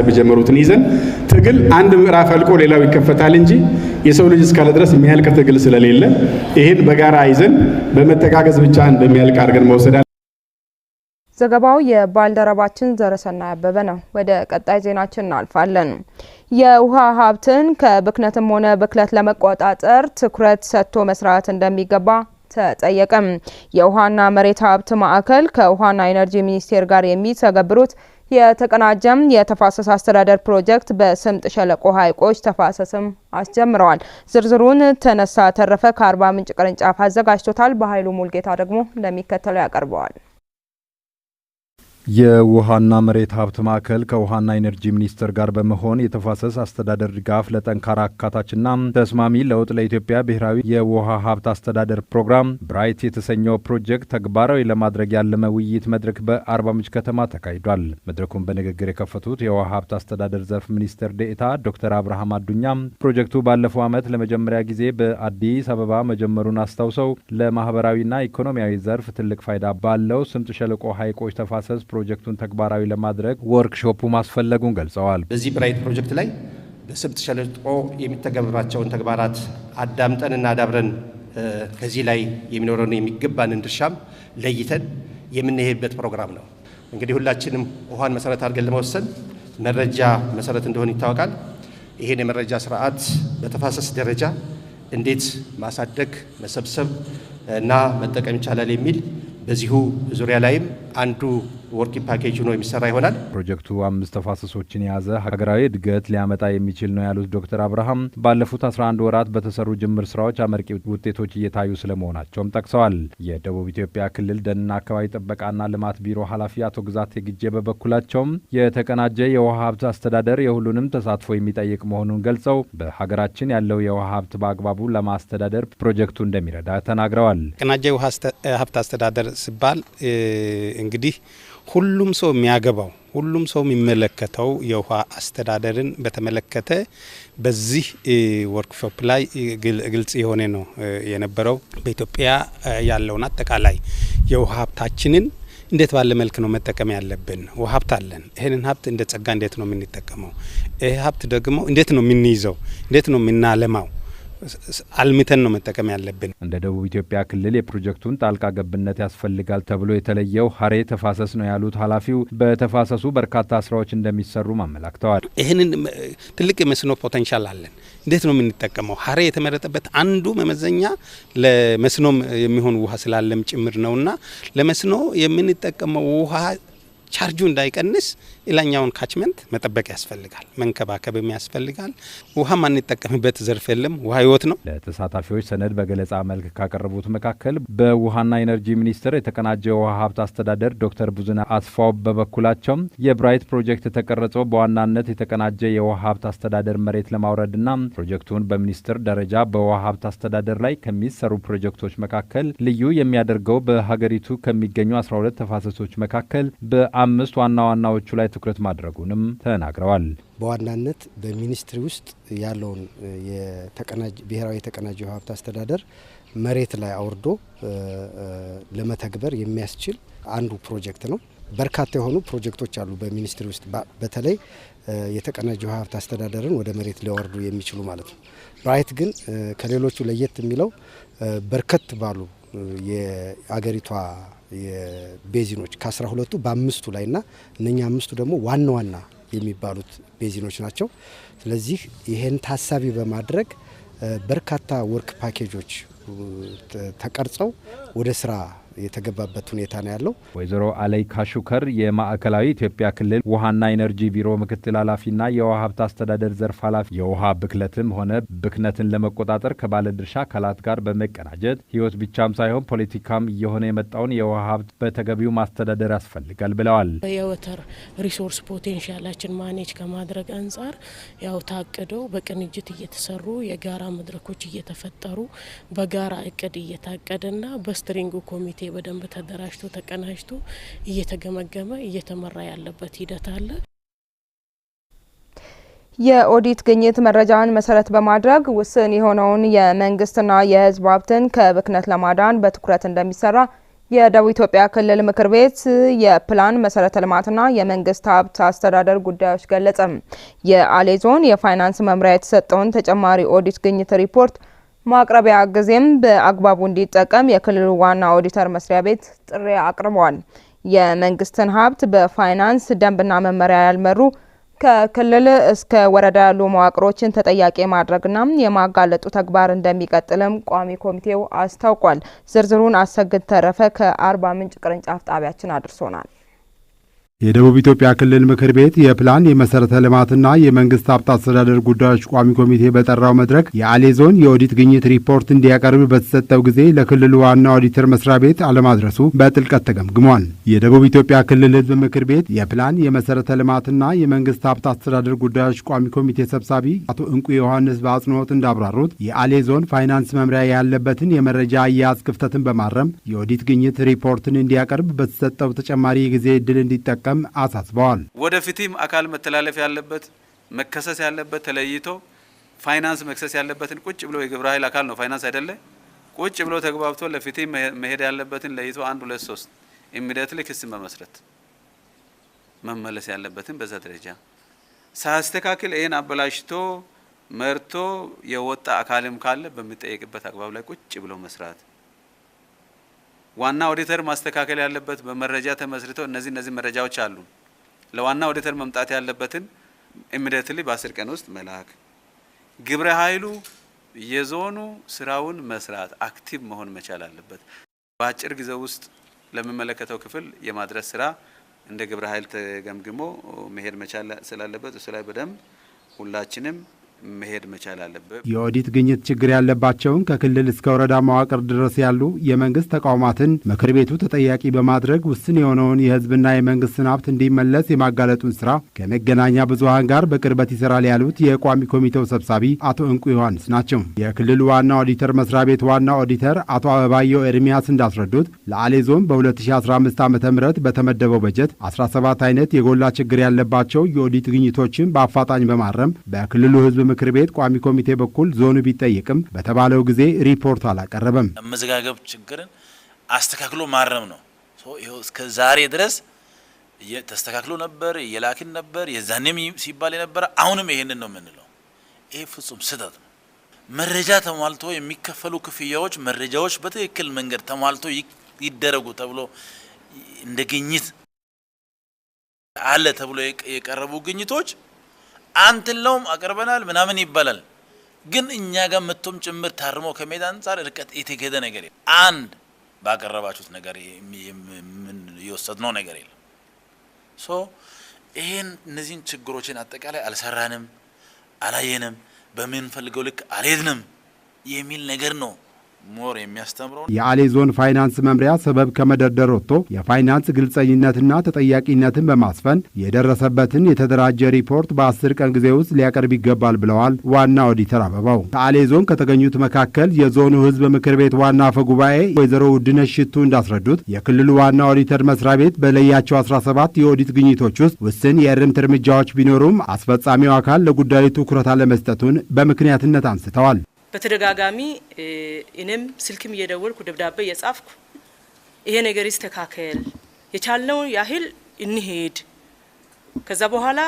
የተጀመሩትን ይዘን ትግል አንድ ምዕራፍ አልቆ ሌላው ይከፈታል እንጂ የሰው ልጅ እስካለ ድረስ የሚያልቅ ትግል ስለሌለ ይህን በጋራ ይዘን በመተጋገዝ ብቻ እንደሚያልቅ አድርገን መውሰድ ዘገባው የባልደረባችን ዘረሰና አበበ ነው። ወደ ቀጣይ ዜናችን እናልፋለን። የውሃ ሀብትን ከብክነትም ሆነ ብክለት ለመቆጣጠር ትኩረት ሰጥቶ መስራት እንደሚገባ ተጠየቀም። የውሃና መሬት ሀብት ማዕከል ከውሃና ኢነርጂ ሚኒስቴር ጋር የሚተገብሩት የተቀናጀም የተፋሰስ አስተዳደር ፕሮጀክት በስምጥ ሸለቆ ሀይቆች ተፋሰስም አስጀምረዋል። ዝርዝሩን ተነሳ ተረፈ ከአርባ ምንጭ ቅርንጫፍ አዘጋጅቶታል። በኃይሉ ሙልጌታ ደግሞ እንደሚከተለው ያቀርበዋል። የውሃና መሬት ሀብት ማዕከል ከውሃና ኢነርጂ ሚኒስቴር ጋር በመሆን የተፋሰስ አስተዳደር ድጋፍ ለጠንካራ አካታችና ተስማሚ ለውጥ ለኢትዮጵያ ብሔራዊ የውሃ ሀብት አስተዳደር ፕሮግራም ብራይት የተሰኘው ፕሮጀክት ተግባራዊ ለማድረግ ያለመ ውይይት መድረክ በአርባ ምንጭ ከተማ ተካሂዷል። መድረኩን በንግግር የከፈቱት የውሃ ሀብት አስተዳደር ዘርፍ ሚኒስቴር ዴኤታ ዶክተር አብርሃም አዱኛ ፕሮጀክቱ ባለፈው ዓመት ለመጀመሪያ ጊዜ በአዲስ አበባ መጀመሩን አስታውሰው ለማህበራዊና ኢኮኖሚያዊ ዘርፍ ትልቅ ፋይዳ ባለው ስምጥ ሸለቆ ሀይቆች ተፋሰስ ፕሮጀክቱን ተግባራዊ ለማድረግ ወርክሾፑ ማስፈለጉን ገልጸዋል። በዚህ ብራይት ፕሮጀክት ላይ በስምጥ ሸለቆ የሚተገበራቸውን ተግባራት አዳምጠን እና አዳብረን ከዚህ ላይ የሚኖረን የሚገባንን ድርሻም ለይተን የምንሄድበት ፕሮግራም ነው። እንግዲህ ሁላችንም ውሃን መሰረት አድርገን ለመወሰን መረጃ መሰረት እንደሆነ ይታወቃል። ይህን የመረጃ ስርዓት በተፋሰስ ደረጃ እንዴት ማሳደግ፣ መሰብሰብ እና መጠቀም ይቻላል የሚል በዚሁ ዙሪያ ላይም አንዱ ወርኪ ፓኬጅ ነው የሚሰራ ይሆናል። ፕሮጀክቱ አምስት ተፋሰሶችን የያዘ ሀገራዊ እድገት ሊያመጣ የሚችል ነው ያሉት ዶክተር አብርሃም ባለፉት 11 ወራት በተሰሩ ጅምር ስራዎች አመርቂ ውጤቶች እየታዩ ስለመሆናቸውም ጠቅሰዋል። የደቡብ ኢትዮጵያ ክልል ደንና አካባቢ ጥበቃና ልማት ቢሮ ኃላፊ አቶ ግዛቴ ግጄ በበኩላቸውም የተቀናጀ የውሃ ሀብት አስተዳደር የሁሉንም ተሳትፎ የሚጠይቅ መሆኑን ገልጸው በሀገራችን ያለው የውሃ ሀብት በአግባቡ ለማስተዳደር ፕሮጀክቱ እንደሚረዳ ተናግረዋል። የተቀናጀ የውሃ ሀብት አስተዳደር ሲባል እንግዲህ ሁሉም ሰው የሚያገባው ሁሉም ሰው የሚመለከተው የውሃ አስተዳደርን በተመለከተ በዚህ ወርክሾፕ ላይ ግልጽ የሆነ ነው የነበረው። በኢትዮጵያ ያለውን አጠቃላይ የውሃ ሀብታችንን እንዴት ባለ መልክ ነው መጠቀም ያለብን? ውሃ ሀብት አለን። ይህንን ሀብት እንደ ጸጋ እንዴት ነው የምንጠቀመው? ይህ ሀብት ደግሞ እንዴት ነው የምንይዘው? እንዴት ነው የምናለማው? አልምተን ነው መጠቀም ያለብን። እንደ ደቡብ ኢትዮጵያ ክልል የፕሮጀክቱን ጣልቃ ገብነት ያስፈልጋል ተብሎ የተለየው ሀሬ ተፋሰስ ነው ያሉት ኃላፊው በተፋሰሱ በርካታ ስራዎች እንደሚሰሩም አመላክተዋል። ይህንን ትልቅ የመስኖ ፖቴንሻል አለን። እንዴት ነው የምንጠቀመው? ሀሬ የተመረጠበት አንዱ መመዘኛ ለመስኖም የሚሆን ውሃ ስላለም ጭምር ነውና ለመስኖ የምንጠቀመው ውሃ ቻርጁ እንዳይቀንስ ሌላኛውን ካችመንት መጠበቅ ያስፈልጋል፣ መንከባከብም ያስፈልጋል። ውሃ ማንጠቀምበት ዘርፍ የለም። ውሃ ህይወት ነው። ለተሳታፊዎች ሰነድ በገለጻ መልክ ካቀረቡት መካከል በውሃና ኢነርጂ ሚኒስቴር የተቀናጀ የውሃ ሀብት አስተዳደር ዶክተር ቡዝና አስፋው በበኩላቸው የብራይት ፕሮጀክት የተቀረጸው በዋናነት የተቀናጀ የውሃ ሀብት አስተዳደር መሬት ለማውረድና ፕሮጀክቱን በሚኒስቴር ደረጃ በውሃ ሀብት አስተዳደር ላይ ከሚሰሩ ፕሮጀክቶች መካከል ልዩ የሚያደርገው በሀገሪቱ ከሚገኙ 12 ተፋሰሶች መካከል በአምስት ዋና ዋናዎቹ ላይ ትኩረት ማድረጉንም ተናግረዋል። በዋናነት በሚኒስትሪ ውስጥ ያለውን ብሔራዊ የተቀናጀ ውሃ ሀብት አስተዳደር መሬት ላይ አውርዶ ለመተግበር የሚያስችል አንዱ ፕሮጀክት ነው። በርካታ የሆኑ ፕሮጀክቶች አሉ በሚኒስትሪ ውስጥ በተለይ የተቀናጀ ውሃ ሀብት አስተዳደርን ወደ መሬት ሊያወርዱ የሚችሉ ማለት ነው። ብራይት ግን ከሌሎቹ ለየት የሚለው በርከት ባሉ የአገሪቷ ቤዚኖች ከአስራ ሁለቱ በአምስቱ ላይ ና እነኛ አምስቱ ደግሞ ዋና ዋና የሚባሉት ቤዚኖች ናቸው። ስለዚህ ይህን ታሳቢ በማድረግ በርካታ ወርክ ፓኬጆች ተቀርጸው ወደ ስራ የተገባበት ሁኔታ ነው ያለው። ወይዘሮ አለይ ካሹከር የማዕከላዊ ኢትዮጵያ ክልል ውሃና ኢነርጂ ቢሮ ምክትል ኃላፊና የውሃ ሀብት አስተዳደር ዘርፍ ኃላፊ የውሃ ብክለትም ሆነ ብክነትን ለመቆጣጠር ከባለድርሻ አካላት ጋር በመቀናጀት ህይወት ብቻም ሳይሆን ፖለቲካም እየሆነ የመጣውን የውሃ ሀብት በተገቢው ማስተዳደር ያስፈልጋል ብለዋል። የወተር ሪሶርስ ፖቴንሻላችን ማኔጅ ከማድረግ አንጻር ያው ታቅደው በቅንጅት እየተሰሩ የጋራ መድረኮች እየተፈጠሩ በጋራ እቅድ እየታቀደና በስትሪንግ ኮሚቴ ኮሚቴ በደንብ ተደራጅቶ ተቀናጅቶ እየተገመገመ እየተመራ ያለበት ሂደት አለ። የኦዲት ግኝት መረጃን መሰረት በማድረግ ውስን የሆነውን የመንግስትና የህዝብ ሀብትን ከብክነት ለማዳን በትኩረት እንደሚሰራ የደቡብ ኢትዮጵያ ክልል ምክር ቤት የፕላን መሰረተ ልማትና የመንግስት ሀብት አስተዳደር ጉዳዮች ገለጸም። የአሌ ዞን የፋይናንስ መምሪያ የተሰጠውን ተጨማሪ ኦዲት ግኝት ሪፖርት ማቅረቢያ ጊዜም በአግባቡ እንዲጠቀም የክልሉ ዋና ኦዲተር መስሪያ ቤት ጥሪ አቅርበዋል። የመንግስትን ሀብት በፋይናንስ ደንብና መመሪያ ያልመሩ ከክልል እስከ ወረዳ ያሉ መዋቅሮችን ተጠያቂ ማድረግና የማጋለጡ ተግባር እንደሚቀጥልም ቋሚ ኮሚቴው አስታውቋል። ዝርዝሩን አሰግድ ተረፈ ከአርባ ምንጭ ቅርንጫፍ ጣቢያችን አድርሶናል። የደቡብ ኢትዮጵያ ክልል ምክር ቤት የፕላን የመሠረተ ልማትና የመንግሥት ሀብት አስተዳደር ጉዳዮች ቋሚ ኮሚቴ በጠራው መድረክ የአሌ ዞን የኦዲት ግኝት ሪፖርት እንዲያቀርብ በተሰጠው ጊዜ ለክልሉ ዋና ኦዲተር መስሪያ ቤት አለማድረሱ በጥልቀት ተገምግሟል። የደቡብ ኢትዮጵያ ክልል ሕዝብ ምክር ቤት የፕላን የመሠረተ ልማትና የመንግሥት ሀብት አስተዳደር ጉዳዮች ቋሚ ኮሚቴ ሰብሳቢ አቶ እንቁ ዮሐንስ በአጽንኦት እንዳብራሩት የአሌ ዞን ፋይናንስ መምሪያ ያለበትን የመረጃ አያያዝ ክፍተትን በማረም የኦዲት ግኝት ሪፖርትን እንዲያቀርብ በተሰጠው ተጨማሪ የጊዜ ዕድል እንዲጠቀ እንዲጠቀም አሳስበዋል። ወደፊትም አካል መተላለፍ ያለበት መከሰስ ያለበት ተለይቶ ፋይናንስ መክሰስ ያለበትን ቁጭ ብሎ የግብረ ኃይል አካል ነው ፋይናንስ አይደለ? ቁጭ ብሎ ተግባብቶ ለፍትህ መሄድ ያለበትን ለይቶ አንድ ሁለት ሶስት ኢሚዲየትሊ ክስ መመስረት መመለስ ያለበትን በዛ ደረጃ ሳያስተካክል ይህን አበላሽቶ መርቶ የወጣ አካልም ካለ በሚጠየቅበት አግባብ ላይ ቁጭ ብሎ መስራት ዋና ኦዲተር ማስተካከል ያለበት በመረጃ ተመስርቶ እነዚህ እነዚህ መረጃዎች አሉ። ለዋና ኦዲተር መምጣት ያለበትን ኢሚዲየትሊ በአስር ቀን ውስጥ መላክ፣ ግብረ ኃይሉ የዞኑ ስራውን መስራት አክቲቭ መሆን መቻል አለበት። በአጭር ጊዜ ውስጥ ለሚመለከተው ክፍል የማድረስ ስራ እንደ ግብረ ኃይል ተገምግሞ መሄድ መቻል ስላለበት እሱ ላይ በደንብ ሁላችንም መሄድ መቻል አለበት። የኦዲት ግኝት ችግር ያለባቸውን ከክልል እስከ ወረዳ መዋቅር ድረስ ያሉ የመንግስት ተቋማትን ምክር ቤቱ ተጠያቂ በማድረግ ውስን የሆነውን የህዝብና የመንግስትን ሀብት እንዲመለስ የማጋለጡን ስራ ከመገናኛ ብዙሀን ጋር በቅርበት ይሰራል ያሉት የቋሚ ኮሚቴው ሰብሳቢ አቶ እንቁ ዮሐንስ ናቸው። የክልሉ ዋና ኦዲተር መስሪያ ቤት ዋና ኦዲተር አቶ አበባየው ኤርሚያስ እንዳስረዱት ለአሌ ዞን በ2015 ዓ ም በተመደበው በጀት 17 አይነት የጎላ ችግር ያለባቸው የኦዲት ግኝቶችን በአፋጣኝ በማረም በክልሉ ህዝብ ምክር ቤት ቋሚ ኮሚቴ በኩል ዞኑ ቢጠይቅም በተባለው ጊዜ ሪፖርቱ አላቀረበም። መዘጋገብ ችግርን አስተካክሎ ማረም ነው። እስከ ዛሬ ድረስ ተስተካክሎ ነበር፣ እየላክን ነበር፣ የዛኔም ሲባል የነበረ አሁንም ይሄንን ነው የምንለው። ይሄ ፍጹም ስህተት ነው። መረጃ ተሟልቶ የሚከፈሉ ክፍያዎች መረጃዎች በትክክል መንገድ ተሟልቶ ይደረጉ ተብሎ እንደ ግኝት አለ ተብሎ የቀረቡ ግኝቶች አንትን ለውም አቅርበናል ምናምን ይባላል። ግን እኛ ጋር ምቶም ጭምር ታርሞ ከሜዳ አንጻር እርቀት የተገደ ነገር የለም። አንድ ባቀረባችሁት ነገር ነው ነገር የለም። ሶ ይህን እነዚህን ችግሮችን አጠቃላይ አልሰራንም፣ አላየንም፣ በምንፈልገው ልክ አልሄድንም የሚል ነገር ነው። ሞር የሚያስተምረው የአሌ ዞን ፋይናንስ መምሪያ ሰበብ ከመደርደር ወጥቶ የፋይናንስ ግልጸኝነትና ተጠያቂነትን በማስፈን የደረሰበትን የተደራጀ ሪፖርት በአስር ቀን ጊዜ ውስጥ ሊያቀርብ ይገባል ብለዋል ዋና ኦዲተር አበባው። ከአሌ ዞን ከተገኙት መካከል የዞኑ ህዝብ ምክር ቤት ዋና አፈ ጉባኤ ወይዘሮ ውድነት ሽቱ እንዳስረዱት የክልሉ ዋና ኦዲተር መስሪያ ቤት በለያቸው 17 የኦዲት ግኝቶች ውስጥ ውስን የእርምት እርምጃዎች ቢኖሩም አስፈጻሚው አካል ለጉዳዩ ትኩረት አለመስጠቱን በምክንያትነት አንስተዋል። በተደጋጋሚ እኔም ስልክም እየደወልኩ ደብዳቤ እየጻፍኩ ይሄ ነገር ይስተካከል፣ የቻልነው ያህል እንሄድ፣ ከዛ በኋላ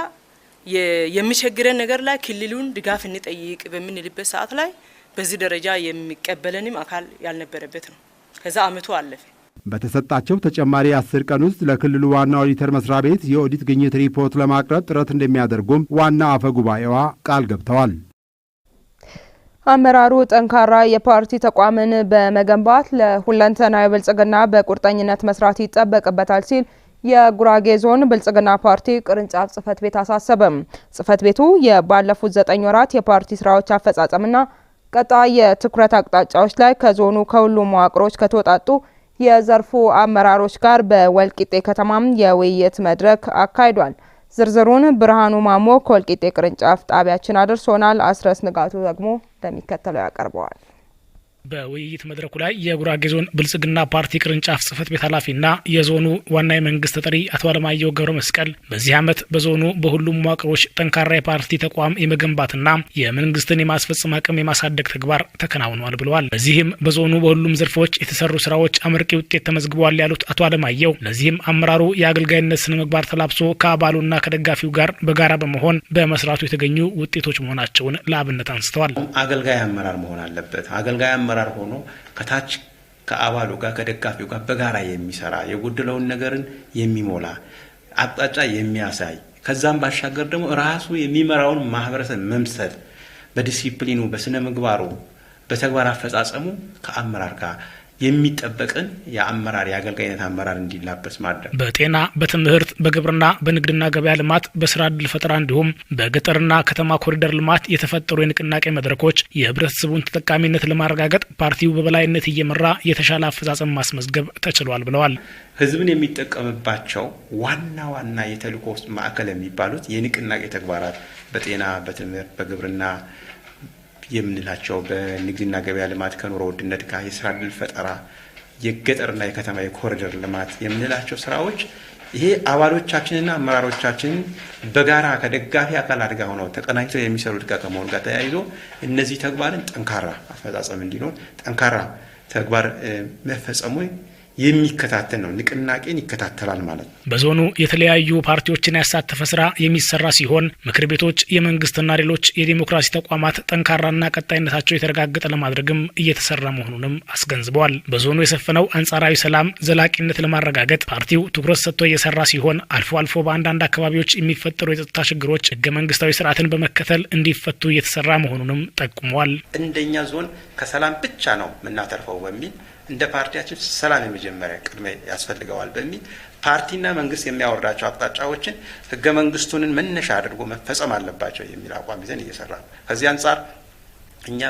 የሚቸግረን ነገር ላይ ክልሉን ድጋፍ እንጠይቅ በምንልበት ሰዓት ላይ በዚህ ደረጃ የሚቀበለንም አካል ያልነበረበት ነው። ከዛ አመቱ አለፈ። በተሰጣቸው ተጨማሪ አስር ቀን ውስጥ ለክልሉ ዋና ኦዲተር መስሪያ ቤት የኦዲት ግኝት ሪፖርት ለማቅረብ ጥረት እንደሚያደርጉም ዋና አፈ ጉባኤዋ ቃል ገብተዋል። አመራሩ ጠንካራ የፓርቲ ተቋምን በመገንባት ለሁለንተና የብልጽግና በቁርጠኝነት መስራት ይጠበቅበታል ሲል የጉራጌ ዞን ብልጽግና ፓርቲ ቅርንጫፍ ጽህፈት ቤት አሳሰበም። ጽህፈት ቤቱ የባለፉት ዘጠኝ ወራት የፓርቲ ስራዎች አፈጻጸምና ቀጣይ የትኩረት አቅጣጫዎች ላይ ከዞኑ ከሁሉም መዋቅሮች ከተወጣጡ የዘርፉ አመራሮች ጋር በወልቂጤ ከተማም የውይይት መድረክ አካሂዷል። ዝርዝሩን ብርሃኑ ማሞ ከወልቂጤ ቅርንጫፍ ጣቢያችን አድርሶናል። አስረስ ንጋቱ ደግሞ እንደሚከተለው ያቀርበዋል። በውይይት መድረኩ ላይ የጉራጌ ዞን ብልጽግና ፓርቲ ቅርንጫፍ ጽህፈት ቤት ኃላፊና የዞኑ ዋና የመንግስት ተጠሪ አቶ አለማየሁ ገብረ መስቀል በዚህ ዓመት በዞኑ በሁሉም መዋቅሮች ጠንካራ የፓርቲ ተቋም የመገንባትና የመንግስትን የማስፈጸም አቅም የማሳደግ ተግባር ተከናውኗል ብለዋል። በዚህም በዞኑ በሁሉም ዘርፎች የተሰሩ ስራዎች አመርቂ ውጤት ተመዝግበዋል ያሉት አቶ አለማየሁ ለዚህም አመራሩ የአገልጋይነት ስነ ምግባር ተላብሶ ከአባሉና ከደጋፊው ጋር በጋራ በመሆን በመስራቱ የተገኙ ውጤቶች መሆናቸውን ለአብነት አንስተዋል። አገልጋይ አመራር መሆን አለበት። አገልጋይ አመራር ሆኖ ከታች ከአባሉ ጋር ከደጋፊው ጋር በጋራ የሚሰራ የጎደለውን ነገርን የሚሞላ አቅጣጫ የሚያሳይ ከዛም ባሻገር ደግሞ ራሱ የሚመራውን ማህበረሰብ መምሰል በዲሲፕሊኑ፣ በስነ ምግባሩ፣ በተግባር አፈጻጸሙ ከአመራር ጋር የሚጠበቅን የአመራር የአገልጋይነት አመራር እንዲላበስ ማድረግ በጤና፣ በትምህርት፣ በግብርና፣ በንግድና ገበያ ልማት፣ በስራ እድል ፈጠራ እንዲሁም በገጠርና ከተማ ኮሪደር ልማት የተፈጠሩ የንቅናቄ መድረኮች የህብረተሰቡን ተጠቃሚነት ለማረጋገጥ ፓርቲው በበላይነት እየመራ የተሻለ አፈጻጸም ማስመዝገብ ተችሏል ብለዋል። ህዝብን የሚጠቀምባቸው ዋና ዋና የተልእኮ ማዕከል የሚባሉት የንቅናቄ ተግባራት በጤና፣ በትምህርት፣ በግብርና የምንላቸው በንግድና ገበያ ልማት ከኑሮ ውድነት ጋር የስራ ዕድል ፈጠራ፣ የገጠርና የከተማ የኮሪደር ልማት የምንላቸው ስራዎች ይሄ አባሎቻችንና አመራሮቻችን በጋራ ከደጋፊ አካል አድጋ ሆነው ተቀናጅተው የሚሰሩት ጋር ከመሆኑ ጋር ተያይዞ እነዚህ ተግባርን ጠንካራ አፈጻጸም እንዲኖር ጠንካራ ተግባር መፈጸሙ የሚከታተል ነው። ንቅናቄን ይከታተላል ማለት ነው። በዞኑ የተለያዩ ፓርቲዎችን ያሳተፈ ስራ የሚሰራ ሲሆን ምክር ቤቶች፣ የመንግስትና ሌሎች የዲሞክራሲ ተቋማት ጠንካራና ቀጣይነታቸው የተረጋገጠ ለማድረግም እየተሰራ መሆኑንም አስገንዝበዋል። በዞኑ የሰፈነው አንጻራዊ ሰላም ዘላቂነት ለማረጋገጥ ፓርቲው ትኩረት ሰጥቶ እየሰራ ሲሆን አልፎ አልፎ በአንዳንድ አካባቢዎች የሚፈጠሩ የጸጥታ ችግሮች ህገ መንግስታዊ ስርዓትን በመከተል እንዲፈቱ እየተሰራ መሆኑንም ጠቁመዋል። እንደኛ ዞን ከሰላም ብቻ ነው የምናተርፈው በሚል እንደ ፓርቲያችን ሰላም የመጀመሪያ ቅድመ ያስፈልገዋል በሚል ፓርቲና መንግስት የሚያወርዳቸው አቅጣጫዎችን ህገ መንግስቱንን መነሻ አድርጎ መፈጸም አለባቸው የሚል አቋም ይዘን እየሰራ ነው። ከዚህ አንጻር እኛ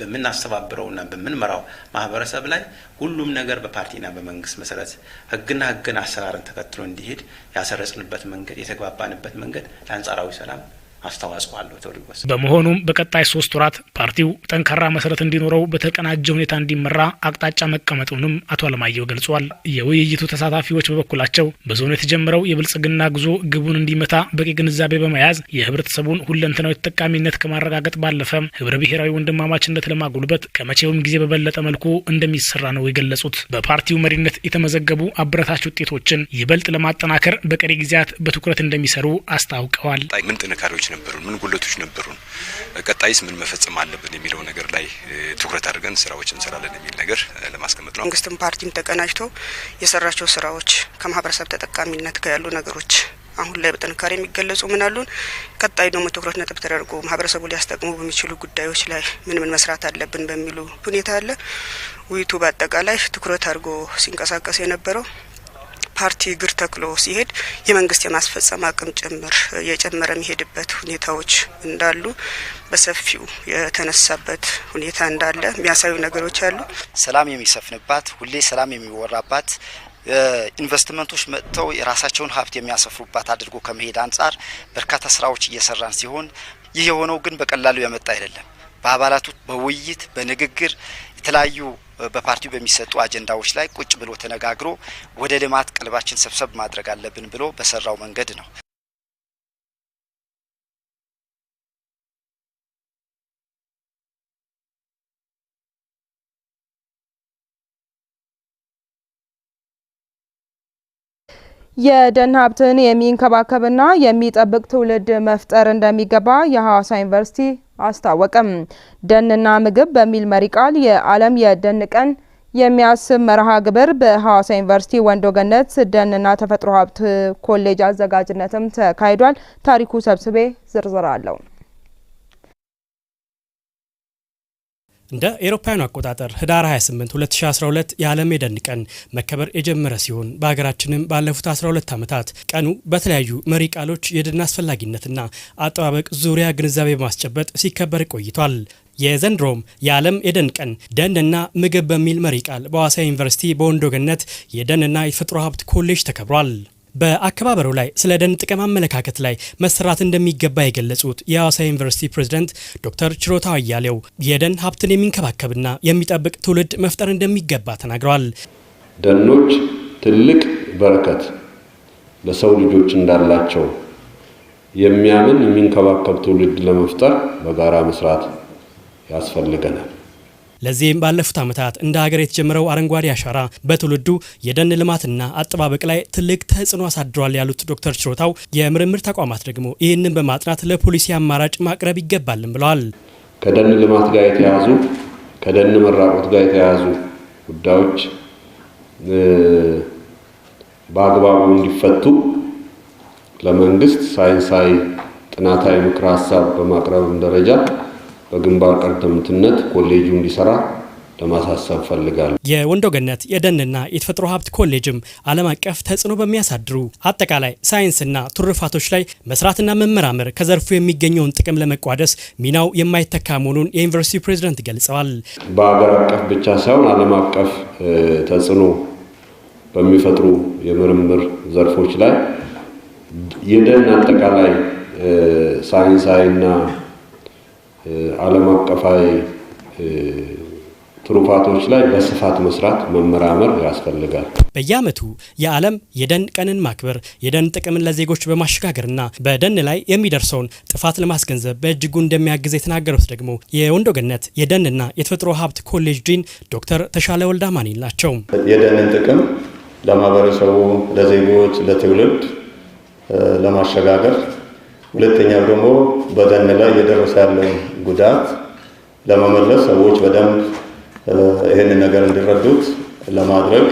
በምናስተባብረውና በምንመራው ማህበረሰብ ላይ ሁሉም ነገር በፓርቲና በመንግስት መሰረት ህግና ህግን አሰራርን ተከትሎ እንዲሄድ ያሰረጽንበት መንገድ የተግባባንበት መንገድ ለአንጻራዊ ሰላም አስተዋጽኦ አለው ተብሎ ይወሰ በመሆኑም በቀጣይ ሶስት ወራት ፓርቲው ጠንካራ መሰረት እንዲኖረው በተቀናጀ ሁኔታ እንዲመራ አቅጣጫ መቀመጡንም አቶ አለማየሁ ገልጿል። የውይይቱ ተሳታፊዎች በበኩላቸው በዞኑ የተጀመረው የብልጽግና ጉዞ ግቡን እንዲመታ በቂ ግንዛቤ በመያዝ የህብረተሰቡን ሁለንተናዊ ተጠቃሚነት ከማረጋገጥ ባለፈ ህብረ ብሔራዊ ወንድማማችነት ለማጉልበት ከመቼውም ጊዜ በበለጠ መልኩ እንደሚሰራ ነው የገለጹት። በፓርቲው መሪነት የተመዘገቡ አበረታች ውጤቶችን ይበልጥ ለማጠናከር በቀሪ ጊዜያት በትኩረት እንደሚሰሩ አስታውቀዋል። ምን ጥንካሬዎች ነበሩን? ምን ጉለቶች ነበሩን? ቀጣይስ ምን መፈጸም አለብን? የሚለው ነገር ላይ ትኩረት አድርገን ስራዎች እንሰራለን የሚል ነገር ለማስቀመጥ ነው። መንግስትም ፓርቲም ተቀናጅቶ የሰራቸው ስራዎች ከማህበረሰብ ተጠቃሚነት ጋር ያሉ ነገሮች አሁን ላይ በጥንካሬ የሚገለጹ ምን አሉን? ቀጣይ ደግሞ ትኩረት ነጥብ ተደርጎ ማህበረሰቡ ሊያስጠቅሙ በሚችሉ ጉዳዮች ላይ ምን ምን መስራት አለብን በሚሉ ሁኔታ አለ። ውይይቱ በአጠቃላይ ትኩረት አድርጎ ሲንቀሳቀስ የነበረው ፓርቲ እግር ተክሎ ሲሄድ የመንግስት የማስፈጸም አቅም ጭምር የጨመረ የሚሄድበት ሁኔታዎች እንዳሉ በሰፊው የተነሳበት ሁኔታ እንዳለ የሚያሳዩ ነገሮች አሉ። ሰላም የሚሰፍንባት ሁሌ ሰላም የሚወራባት ኢንቨስትመንቶች መጥተው የራሳቸውን ሀብት የሚያሰፍሩባት አድርጎ ከመሄድ አንጻር በርካታ ስራዎች እየሰራን ሲሆን ይህ የሆነው ግን በቀላሉ የመጣ አይደለም። በአባላቱ በውይይት በንግግር የተለያዩ በፓርቲው በሚሰጡ አጀንዳዎች ላይ ቁጭ ብሎ ተነጋግሮ ወደ ልማት ቀልባችን ሰብሰብ ማድረግ አለብን ብሎ በሰራው መንገድ ነው የደን ሀብትን የሚንከባከብና የሚጠብቅ ትውልድ መፍጠር እንደሚገባ የሐዋሳ ዩኒቨርሲቲ አስታወቀም። ደንና ምግብ በሚል መሪ ቃል የዓለም የደን ቀን የሚያስብ መርሃ ግብር በሐዋሳ ዩኒቨርሲቲ ወንዶ ገነት ደንና ተፈጥሮ ሀብት ኮሌጅ አዘጋጅነትም ተካሂዷል። ታሪኩ ሰብስቤ ዝርዝር አለው። እንደ ኤሮፓውያኑ አቆጣጠር ህዳር 28 2012 የዓለም የደን ቀን መከበር የጀመረ ሲሆን በሀገራችንም ባለፉት 12 ዓመታት ቀኑ በተለያዩ መሪ ቃሎች የደን አስፈላጊነትና አጠባበቅ ዙሪያ ግንዛቤ በማስጨበጥ ሲከበር ቆይቷል። የዘንድሮም የዓለም የደን ቀን ደንና ምግብ በሚል መሪ ቃል በሐዋሳ ዩኒቨርሲቲ በወንዶ ገነት የደንና የተፈጥሮ ሀብት ኮሌጅ ተከብሯል። በአከባበሩ ላይ ስለ ደን ጥቅም አመለካከት ላይ መሰራት እንደሚገባ የገለጹት የሐዋሳ ዩኒቨርሲቲ ፕሬዝዳንት ዶክተር ችሮታ አያሌው የደን ሀብትን የሚንከባከብና የሚጠብቅ ትውልድ መፍጠር እንደሚገባ ተናግረዋል። ደኖች ትልቅ በረከት ለሰው ልጆች እንዳላቸው የሚያምን የሚንከባከብ ትውልድ ለመፍጠር በጋራ መስራት ያስፈልገናል። ለዚህም ባለፉት ዓመታት እንደ ሀገር የተጀመረው አረንጓዴ አሻራ በትውልዱ የደን ልማትና አጠባበቅ ላይ ትልቅ ተጽዕኖ አሳድሯል ያሉት ዶክተር ችሮታው የምርምር ተቋማት ደግሞ ይህንን በማጥናት ለፖሊሲ አማራጭ ማቅረብ ይገባልን ብለዋል። ከደን ልማት ጋር የተያዙ ከደን መራቆት ጋር የተያዙ ጉዳዮች በአግባቡ እንዲፈቱ ለመንግስት ሳይንሳዊ ጥናታዊ ምክር ሀሳብ በማቅረብም ደረጃ በግንባር ቀደምትነት ኮሌጁ እንዲሰራ ለማሳሰብ ፈልጋለሁ። የወንዶ ገነት የደንና የተፈጥሮ ሀብት ኮሌጅም ዓለም አቀፍ ተጽዕኖ በሚያሳድሩ አጠቃላይ ሳይንስና ትሩፋቶች ላይ መስራትና መመራመር ከዘርፉ የሚገኘውን ጥቅም ለመቋደስ ሚናው የማይተካ መሆኑን የዩኒቨርሲቲ ፕሬዚደንት ገልጸዋል። በሀገር አቀፍ ብቻ ሳይሆን ዓለም አቀፍ ተጽዕኖ በሚፈጥሩ የምርምር ዘርፎች ላይ የደን አጠቃላይ ሳይንሳዊና ዓለም አቀፋዊ ትሩፋቶች ላይ በስፋት መስራት መመራመር ያስፈልጋል። በየዓመቱ የዓለም የደን ቀንን ማክበር የደን ጥቅምን ለዜጎች በማሸጋገርና በደን ላይ የሚደርሰውን ጥፋት ለማስገንዘብ በእጅጉ እንደሚያግዝ የተናገሩት ደግሞ የወንዶ ገነት የደንና የተፈጥሮ ሀብት ኮሌጅ ዲን ዶክተር ተሻለ ወልዳማኒ ናቸው። የደንን ጥቅም ለማህበረሰቡ፣ ለዜጎች፣ ለትውልድ ለማሸጋገር ሁለተኛው ደግሞ በደን ላይ እየደረሰ ያለውን ጉዳት ለመመለስ ሰዎች በደንብ ይህን ነገር እንዲረዱት ለማድረግ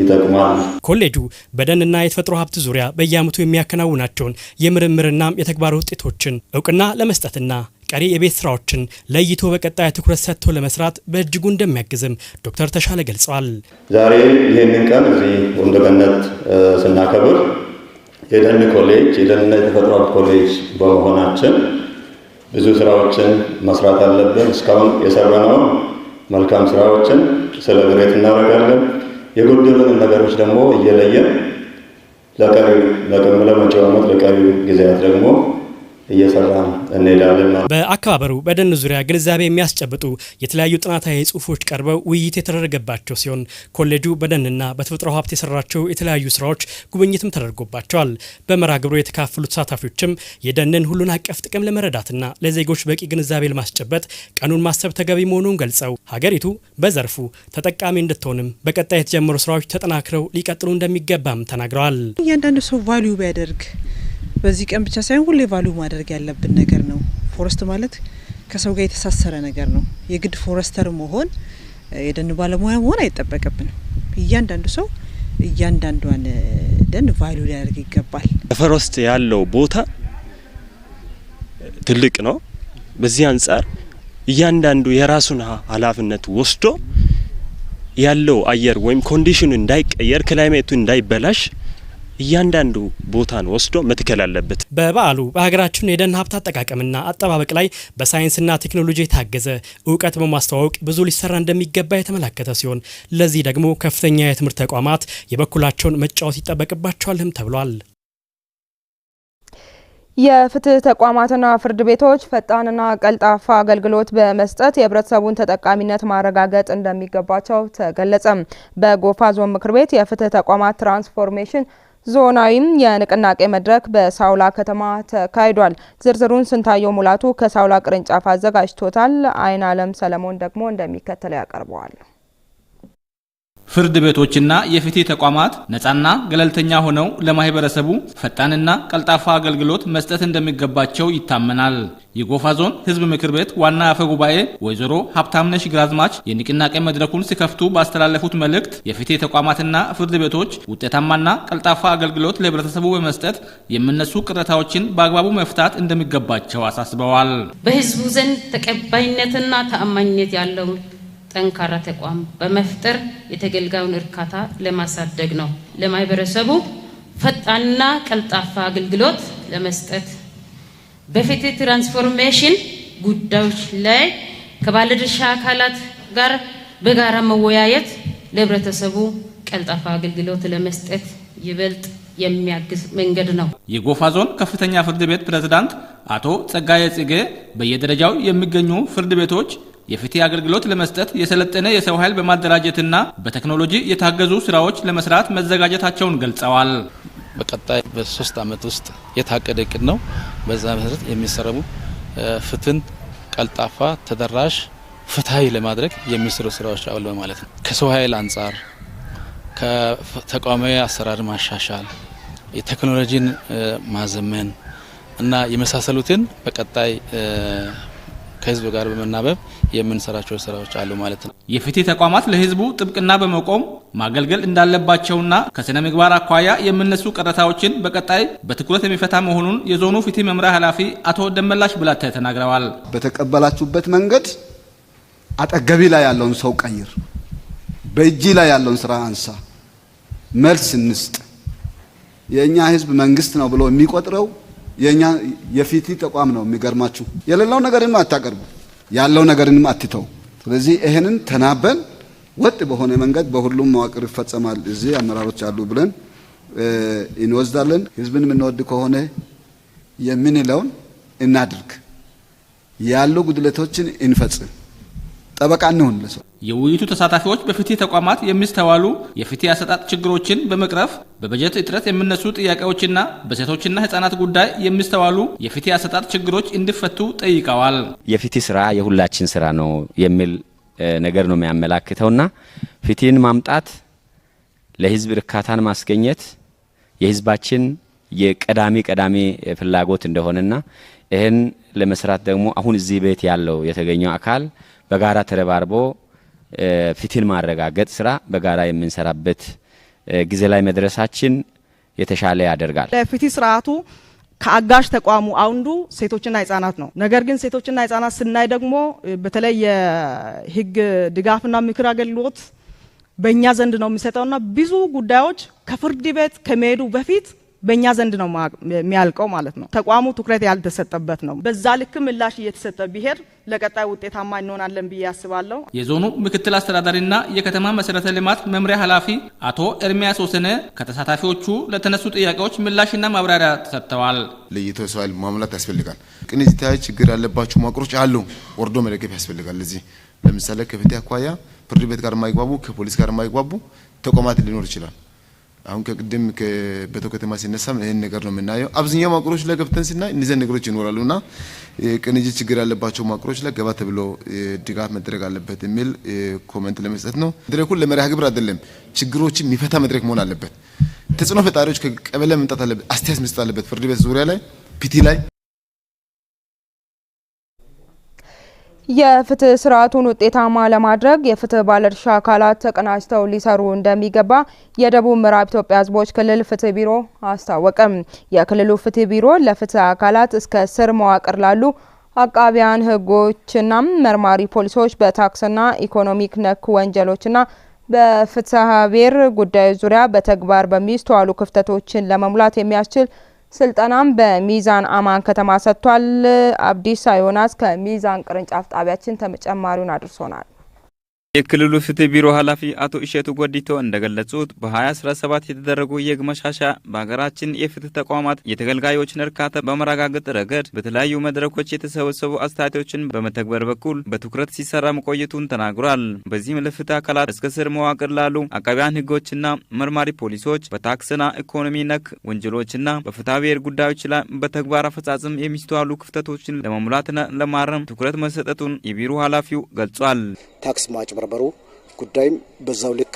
ይጠቅማል። ኮሌጁ በደንና የተፈጥሮ ሀብት ዙሪያ በየዓመቱ የሚያከናውናቸውን የምርምርና የተግባር ውጤቶችን እውቅና ለመስጠትና ቀሪ የቤት ስራዎችን ለይቶ በቀጣይ ትኩረት ሰጥቶ ለመስራት በእጅጉ እንደሚያግዝም ዶክተር ተሻለ ገልጸዋል። ዛሬ ይህንን ቀን እዚህ ወንዶ ገነት ስናከብር የደን ኮሌጅ የደንና የተፈጥሮ ኮሌጅ በመሆናችን ብዙ ስራዎችን መስራት አለብን። እስካሁን የሰራነው መልካም ስራዎችን ሴሌብሬት እናደርጋለን። የጎደሉን ነገሮች ደግሞ እየለየን ለቀሪው ለመጪው ዓመት ለቀሪው ጊዜያት ደግሞ እየሰራ እንሄዳለን። በአከባበሩ በደን ዙሪያ ግንዛቤ የሚያስጨብጡ የተለያዩ ጥናታዊ ጽሁፎች ቀርበው ውይይት የተደረገባቸው ሲሆን ኮሌጁ በደንና በተፈጥሮ ሀብት የሰራቸው የተለያዩ ስራዎች ጉብኝትም ተደርጎባቸዋል። በመርሃ ግብሩ የተካፈሉ ተሳታፊዎችም የደንን ሁሉን አቀፍ ጥቅም ለመረዳትና ለዜጎች በቂ ግንዛቤ ለማስጨበጥ ቀኑን ማሰብ ተገቢ መሆኑን ገልጸው ሀገሪቱ በዘርፉ ተጠቃሚ እንድትሆንም በቀጣይ የተጀመሩ ስራዎች ተጠናክረው ሊቀጥሉ እንደሚገባም ተናግረዋል። እያንዳንዱ ሰው ቫልዩ ቢያደርግ በዚህ ቀን ብቻ ሳይሆን ሁሌ ቫሊዩ ማድረግ ያለብን ነገር ነው። ፎረስት ማለት ከሰው ጋር የተሳሰረ ነገር ነው። የግድ ፎረስተር መሆን የደን ባለሙያ መሆን አይጠበቅብንም። እያንዳንዱ ሰው እያንዳንዷን ደን ቫሉ ሊያደርግ ይገባል። ፎረስት ያለው ቦታ ትልቅ ነው። በዚህ አንጻር እያንዳንዱ የራሱን ኃላፊነት ወስዶ ያለው አየር ወይም ኮንዲሽኑ እንዳይቀየር ክላይሜቱ እንዳይበላሽ እያንዳንዱ ቦታን ወስዶ መትከል አለበት። በበዓሉ በሀገራችን የደን ሀብት አጠቃቀምና አጠባበቅ ላይ በሳይንስና ቴክኖሎጂ የታገዘ እውቀት በማስተዋወቅ ብዙ ሊሰራ እንደሚገባ የተመላከተ ሲሆን ለዚህ ደግሞ ከፍተኛ የትምህርት ተቋማት የበኩላቸውን መጫወት ይጠበቅባቸዋልም ተብሏል። የፍትህ ተቋማትና ፍርድ ቤቶች ፈጣንና ቀልጣፋ አገልግሎት በመስጠት የህብረተሰቡን ተጠቃሚነት ማረጋገጥ እንደሚገባቸው ተገለጸም። በጎፋ ዞን ምክር ቤት የፍትህ ተቋማት ትራንስፎርሜሽን ዞናዊም የንቅናቄ መድረክ በሳውላ ከተማ ተካሂዷል። ዝርዝሩን ስንታየው ሙላቱ ከሳውላ ቅርንጫፍ አዘጋጅቶታል። አይን አለም ሰለሞን ደግሞ እንደሚከተለው ያቀርበዋል። ፍርድ ቤቶችና የፍትህ ተቋማት ነፃና ገለልተኛ ሆነው ለማህበረሰቡ ፈጣንና ቀልጣፋ አገልግሎት መስጠት እንደሚገባቸው ይታመናል። የጎፋ ዞን ህዝብ ምክር ቤት ዋና አፈ ጉባኤ ወይዘሮ ሀብታምነሽ ግራዝማች የንቅናቄ መድረኩን ሲከፍቱ ባስተላለፉት መልእክት የፍትህ ተቋማትና ፍርድ ቤቶች ውጤታማና ቀልጣፋ አገልግሎት ለህብረተሰቡ በመስጠት የሚነሱ ቅሬታዎችን በአግባቡ መፍታት እንደሚገባቸው አሳስበዋል። በህዝቡ ዘንድ ተቀባይነትና ተአማኝነት ያለው ጠንካራ ተቋም በመፍጠር የተገልጋዩን እርካታ ለማሳደግ ነው። ለማህበረሰቡ ፈጣንና ቀልጣፋ አገልግሎት ለመስጠት በፍትህ ትራንስፎርሜሽን ጉዳዮች ላይ ከባለድርሻ አካላት ጋር በጋራ መወያየት ለህብረተሰቡ ቀልጣፋ አገልግሎት ለመስጠት ይበልጥ የሚያግዝ መንገድ ነው። የጎፋ ዞን ከፍተኛ ፍርድ ቤት ፕሬዝዳንት አቶ ጸጋዬ ጽጌ በየደረጃው የሚገኙ ፍርድ ቤቶች የፍትህ አገልግሎት ለመስጠት የሰለጠነ የሰው ኃይል በማደራጀትና በቴክኖሎጂ የታገዙ ስራዎች ለመስራት መዘጋጀታቸውን ገልጸዋል። በቀጣይ በሶስት ዓመት ውስጥ የታቀደ እቅድ ነው። በዛ መሰረት የሚሰረቡ ፍትህን ቀልጣፋ፣ ተደራሽ፣ ፍትሀዊ ለማድረግ የሚሰሩ ስራዎች አሉ ማለት ነው። ከሰው ኃይል አንጻር ከተቋማዊ አሰራር ማሻሻል፣ የቴክኖሎጂን ማዘመን እና የመሳሰሉትን በቀጣይ ከህዝብ ጋር በመናበብ የምንሰራቸው ስራዎች አሉ ማለት ነው። የፍትህ ተቋማት ለህዝቡ ጥብቅና በመቆም ማገልገል እንዳለባቸውና ከስነ ምግባር አኳያ የሚነሱ ቅሬታዎችን በቀጣይ በትኩረት የሚፈታ መሆኑን የዞኑ ፍትህ መምሪያ ኃላፊ አቶ ደመላሽ ብላታ ተናግረዋል። በተቀበላችሁበት መንገድ አጠገቢ ላይ ያለውን ሰው ቀይር፣ በእጅ ላይ ያለውን ስራ አንሳ፣ መልስ እንስጥ። የእኛ ህዝብ መንግስት ነው ብሎ የሚቆጥረው የኛ የፊት ተቋም ነው። የሚገርማችሁ የሌላው ነገርንም አታቀርቡ፣ ያለው ነገርንም አትተው። ስለዚህ ይህንን ተናበን ወጥ በሆነ መንገድ በሁሉም መዋቅር ይፈጸማል፣ እዚህ አመራሮች አሉ ብለን እንወስዳለን። ህዝብን የምንወድ ከሆነ የምንለውን እናድርግ፣ ያሉ ጉድለቶችን እንፈጽም። ጠበቃ እንሆን ለሰው። የውይይቱ ተሳታፊዎች በፍትህ ተቋማት የሚስተዋሉ የፍትህ አሰጣጥ ችግሮችን በመቅረፍ በበጀት እጥረት የሚነሱ ጥያቄዎችና በሴቶችና ህጻናት ጉዳይ የሚስተዋሉ የፍትህ አሰጣጥ ችግሮች እንዲፈቱ ጠይቀዋል። የፍትህ ስራ የሁላችን ስራ ነው የሚል ነገር ነው የሚያመላክተውና ፍትህን ማምጣት ለህዝብ እርካታን ማስገኘት የህዝባችን የቀዳሚ ቀዳሚ ፍላጎት እንደሆነና ይህን ለመስራት ደግሞ አሁን እዚህ ቤት ያለው የተገኘው አካል በጋራ ተረባርቦ ፍትህን ማረጋገጥ ስራ በጋራ የምንሰራበት ጊዜ ላይ መድረሳችን የተሻለ ያደርጋል። ለፍትህ ስርዓቱ ከአጋዥ ተቋሙ አንዱ ሴቶችና ህጻናት ነው። ነገር ግን ሴቶችና ህጻናት ስናይ ደግሞ በተለይ የህግ ድጋፍና ምክር አገልግሎት በእኛ ዘንድ ነው የሚሰጠውና ብዙ ጉዳዮች ከፍርድ ቤት ከመሄዱ በፊት በእኛ ዘንድ ነው የሚያልቀው ማለት ነው። ተቋሙ ትኩረት ያልተሰጠበት ነው። በዛ ልክ ምላሽ እየተሰጠ ቢሄድ ለቀጣይ ውጤታማ እንሆናለን ብዬ አስባለሁ። የዞኑ ምክትል አስተዳዳሪና የከተማ መሰረተ ልማት መምሪያ ኃላፊ አቶ ኤርሚያስ ወሰነ ከተሳታፊዎቹ ለተነሱ ጥያቄዎች ምላሽና ማብራሪያ ተሰጥተዋል። ለይቶ ሰዋል ማምላት ያስፈልጋል። ቅንጅታዊ ችግር ያለባቸው መዋቅሮች አሉ፣ ወርዶ መደገፍ ያስፈልጋል። እዚህ ለምሳሌ ከፍትህ አኳያ ፍርድ ቤት ጋር የማይግባቡ ከፖሊስ ጋር የማይግባቡ ተቋማት ሊኖር ይችላል። አሁን ከቅድም ከበቶ ከተማ ሲነሳ ይህን ነገር ነው የምናየው። አብዛኛው ማቁሮች ላይ ገብተን ስናይ እነዚህ ነገሮች ይኖራሉ እና ቅንጅት ችግር ያለባቸው ማቁሮች ላይ ገባ ተብሎ ድጋፍ መድረግ አለበት የሚል ኮመንት ለመስጠት ነው። መድረኩን ለመርሃ ግብር አይደለም፣ ችግሮችን የሚፈታ መድረክ መሆን አለበት። ተጽዕኖ ፈጣሪዎች ከቀበሌ መምጣት አለበት፣ አስተያየት መስጠት አለበት። ፍርድ ቤት ዙሪያ ላይ ፒቲ ላይ የፍትህ ስርዓቱን ውጤታማ ለማድረግ የፍትህ ባለድርሻ አካላት ተቀናጅተው ሊሰሩ እንደሚገባ የደቡብ ምዕራብ ኢትዮጵያ ህዝቦች ክልል ፍትህ ቢሮ አስታወቀም። የክልሉ ፍትህ ቢሮ ለፍትህ አካላት እስከ ስር መዋቅር ላሉ አቃቢያን ህጎችና መርማሪ ፖሊሶች በታክስና ኢኮኖሚክ ነክ ወንጀሎችና በፍትሐ ብሔር ጉዳዮች ዙሪያ በተግባር በሚስተዋሉ ክፍተቶችን ለመሙላት የሚያስችል ስልጠናም በሚዛን አማን ከተማ ሰጥቷል። አብዲሳ ዮናስ ከሚዛን ቅርንጫፍ ጣቢያችን ተጨማሪውን አድርሶናል። የክልሉ ፍትህ ቢሮ ኃላፊ አቶ እሸቱ ጎዲቶ እንደገለጹት በ2017 የተደረጉ የህግ መሻሻያ በሀገራችን የፍትህ ተቋማት የተገልጋዮችን እርካታ በመረጋገጥ ረገድ በተለያዩ መድረኮች የተሰበሰቡ አስተያየቶችን በመተግበር በኩል በትኩረት ሲሰራ መቆየቱን ተናግሯል። በዚህም ለፍትህ አካላት እስከ ስር መዋቅር ላሉ አቃቢያን ህጎችና መርማሪ ፖሊሶች በታክስና ኢኮኖሚ ነክ ወንጀሎችና በፍትሐ ብሔር ጉዳዮች ላይ በተግባር አፈጻጽም የሚስተዋሉ ክፍተቶችን ለመሙላትና ለማረም ትኩረት መሰጠቱን የቢሮ ኃላፊው ገልጿል። የማጭበርበሩ ጉዳይም በዛው ልክ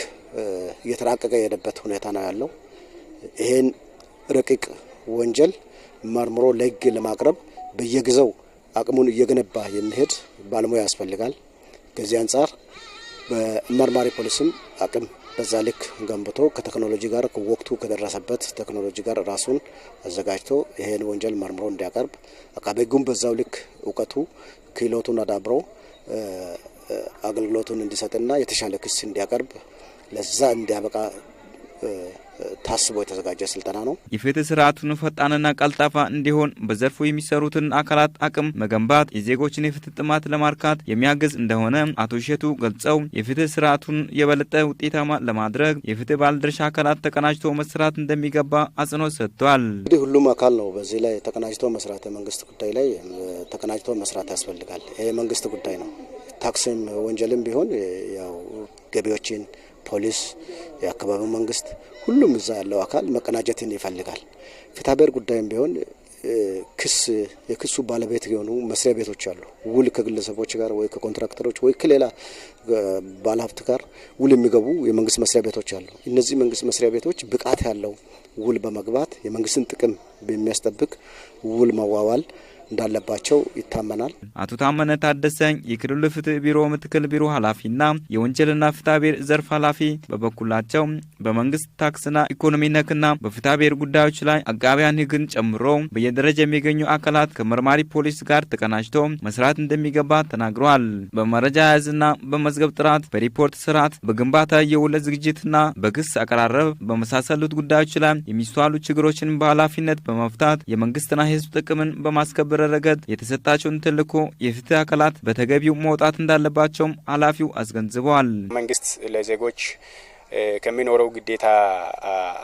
እየተራቀቀ የሄደበት ሁኔታ ነው ያለው። ይሄን ረቂቅ ወንጀል መርምሮ ለህግ ለማቅረብ በየጊዜው አቅሙን እየገነባ የሚሄድ ባለሙያ ያስፈልጋል። ከዚህ አንጻር በመርማሪ ፖሊስም አቅም በዛ ልክ ገንብቶ ከቴክኖሎጂ ጋር ወቅቱ ከደረሰበት ቴክኖሎጂ ጋር ራሱን አዘጋጅቶ ይሄን ወንጀል መርምሮ እንዲያቀርብ አቃቤ ህጉም በዛው ልክ እውቀቱ ክህሎቱን አዳብረው አገልግሎቱን እንዲሰጥና የተሻለ ክስ እንዲያቀርብ ለዛ እንዲያበቃ ታስቦ የተዘጋጀ ስልጠና ነው። የፍትህ ስርዓቱን ፈጣንና ቀልጣፋ እንዲሆን በዘርፉ የሚሰሩትን አካላት አቅም መገንባት የዜጎችን የፍትህ ጥማት ለማርካት የሚያግዝ እንደሆነ አቶ ሸቱ ገልጸው የፍትህ ስርዓቱን የበለጠ ውጤታማ ለማድረግ የፍትህ ባለድርሻ አካላት ተቀናጅቶ መስራት እንደሚገባ አጽንኦት ሰጥቷል። እንግዲህ ሁሉም አካል ነው በዚህ ላይ ተቀናጅቶ መስራት፣ የመንግስት ጉዳይ ላይ ተቀናጅቶ መስራት ያስፈልጋል። ይህ የመንግስት ጉዳይ ነው። ታክስም ወንጀልም ቢሆን ያው ገቢዎችን፣ ፖሊስ፣ የአካባቢው መንግስት፣ ሁሉም እዛ ያለው አካል መቀናጀትን ይፈልጋል። ፍትሐብሔር ጉዳይም ቢሆን ክስ የክሱ ባለቤት የሆኑ መስሪያ ቤቶች አሉ። ውል ከግለሰቦች ጋር ወይ ከኮንትራክተሮች ወይ ከሌላ ባለሀብት ጋር ውል የሚገቡ የመንግስት መስሪያ ቤቶች አሉ። እነዚህ መንግስት መስሪያ ቤቶች ብቃት ያለው ውል በመግባት የመንግስትን ጥቅም በሚያስጠብቅ ውል መዋዋል እንዳለባቸው ይታመናል። አቶ ታመነ ታደሰኝ የክልሉ ፍትህ ቢሮ ምክትል ቢሮ ኃላፊና የወንጀልና ብሔር ዘርፍ ኃላፊ በበኩላቸው በመንግስት ታክስና ኢኮኖሚ ነክና ብሔር ጉዳዮች ላይ አቃቢያን ህግን ጨምሮ በየደረጃ የሚገኙ አካላት ከመርማሪ ፖሊስ ጋር ተቀናጅቶ መስራት እንደሚገባ ተናግረዋል። በመረጃ ያዝና በመዝገብ ጥራት፣ በሪፖርት ስርዓት፣ በግንባታ የውለት ዝግጅትና በክስ አቀራረብ በመሳሰሉት ጉዳዮች ላይ የሚስተዋሉ ችግሮችን በኃላፊነት በመፍታት የመንግስትና የህዝብ ጥቅምን በማስከበር በማስከበር ረገድ የተሰጣቸውን ተልዕኮ የፍትህ አካላት በተገቢው መውጣት እንዳለባቸውም ኃላፊው አስገንዝበዋል። መንግስት ለዜጎች ከሚኖረው ግዴታ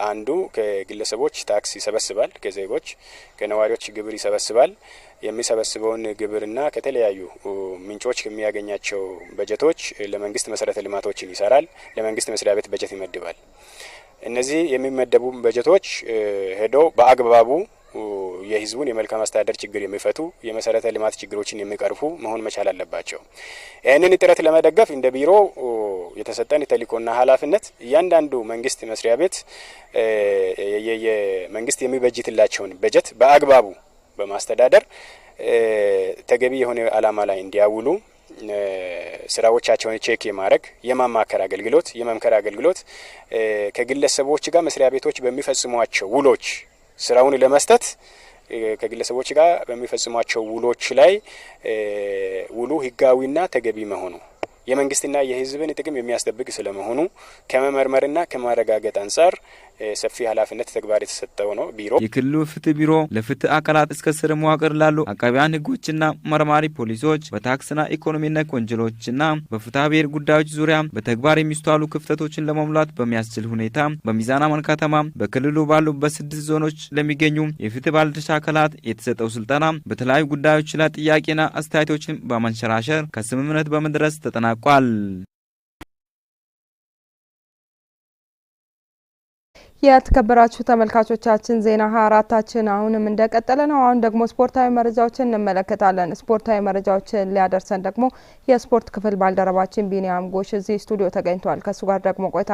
አንዱ ከግለሰቦች ታክስ ይሰበስባል፣ ከዜጎች ከነዋሪዎች ግብር ይሰበስባል። የሚሰበስበውን ግብርና ከተለያዩ ምንጮች ከሚያገኛቸው በጀቶች ለመንግስት መሰረተ ልማቶችን ይሰራል፣ ለመንግስት መስሪያ ቤት በጀት ይመድባል። እነዚህ የሚመደቡ በጀቶች ሄደው በአግባቡ የህዝቡን የመልካም አስተዳደር ችግር የሚፈቱ የመሰረተ ልማት ችግሮችን የሚቀርፉ መሆን መቻል አለባቸው። ይህንን ጥረት ለመደገፍ እንደ ቢሮ የተሰጠን ተልዕኮና ኃላፊነት እያንዳንዱ መንግስት መስሪያ ቤት የመንግስት የሚበጅትላቸውን በጀት በአግባቡ በማስተዳደር ተገቢ የሆነ አላማ ላይ እንዲያውሉ ስራዎቻቸውን ቼክ የማድረግ የማማከር አገልግሎት የመምከር አገልግሎት ከግለሰቦች ጋር መስሪያ ቤቶች በሚፈጽሟቸው ውሎች ስራውን ለመስጠት ከግለሰቦች ጋር በሚፈጽሟቸው ውሎች ላይ ውሉ ህጋዊና ተገቢ መሆኑ የመንግስትና የህዝብን ጥቅም የሚያስጠብቅ ስለመሆኑ ከመመርመርና ከማረጋገጥ አንጻር ሰፊ ኃላፊነት ተግባር የተሰጠው ነው ቢሮ የክልሉ ፍትህ ቢሮ ለፍትህ አካላት እስከ ስር መዋቅር ላሉ አቃቢያን ህጎችና መርማሪ ፖሊሶች በታክስና ኢኮኖሚ ነክ ወንጀሎችና በፍትሐ ብሔር ጉዳዮች ዙሪያ በተግባር የሚስተዋሉ ክፍተቶችን ለመሙላት በሚያስችል ሁኔታ በሚዛን አማን ከተማ በክልሉ ባሉ በስድስት ዞኖች ለሚገኙ የፍትህ ባለድርሻ አካላት የተሰጠው ስልጠና በተለያዩ ጉዳዮች ላይ ጥያቄና አስተያየቶችን በማንሸራሸር ከስምምነት በመድረስ ተጠናቋል። የተከበራችሁ ተመልካቾቻችን ዜና 24ታችን አሁንም እንደቀጠለ ነው። አሁን ደግሞ ስፖርታዊ መረጃዎችን እንመለከታለን። ስፖርታዊ መረጃዎችን ሊያደርሰን ደግሞ የስፖርት ክፍል ባልደረባችን ቢኒያም ጎሽ እዚህ ስቱዲዮ ተገኝቷል። ከእሱ ጋር ደግሞ ቆይታ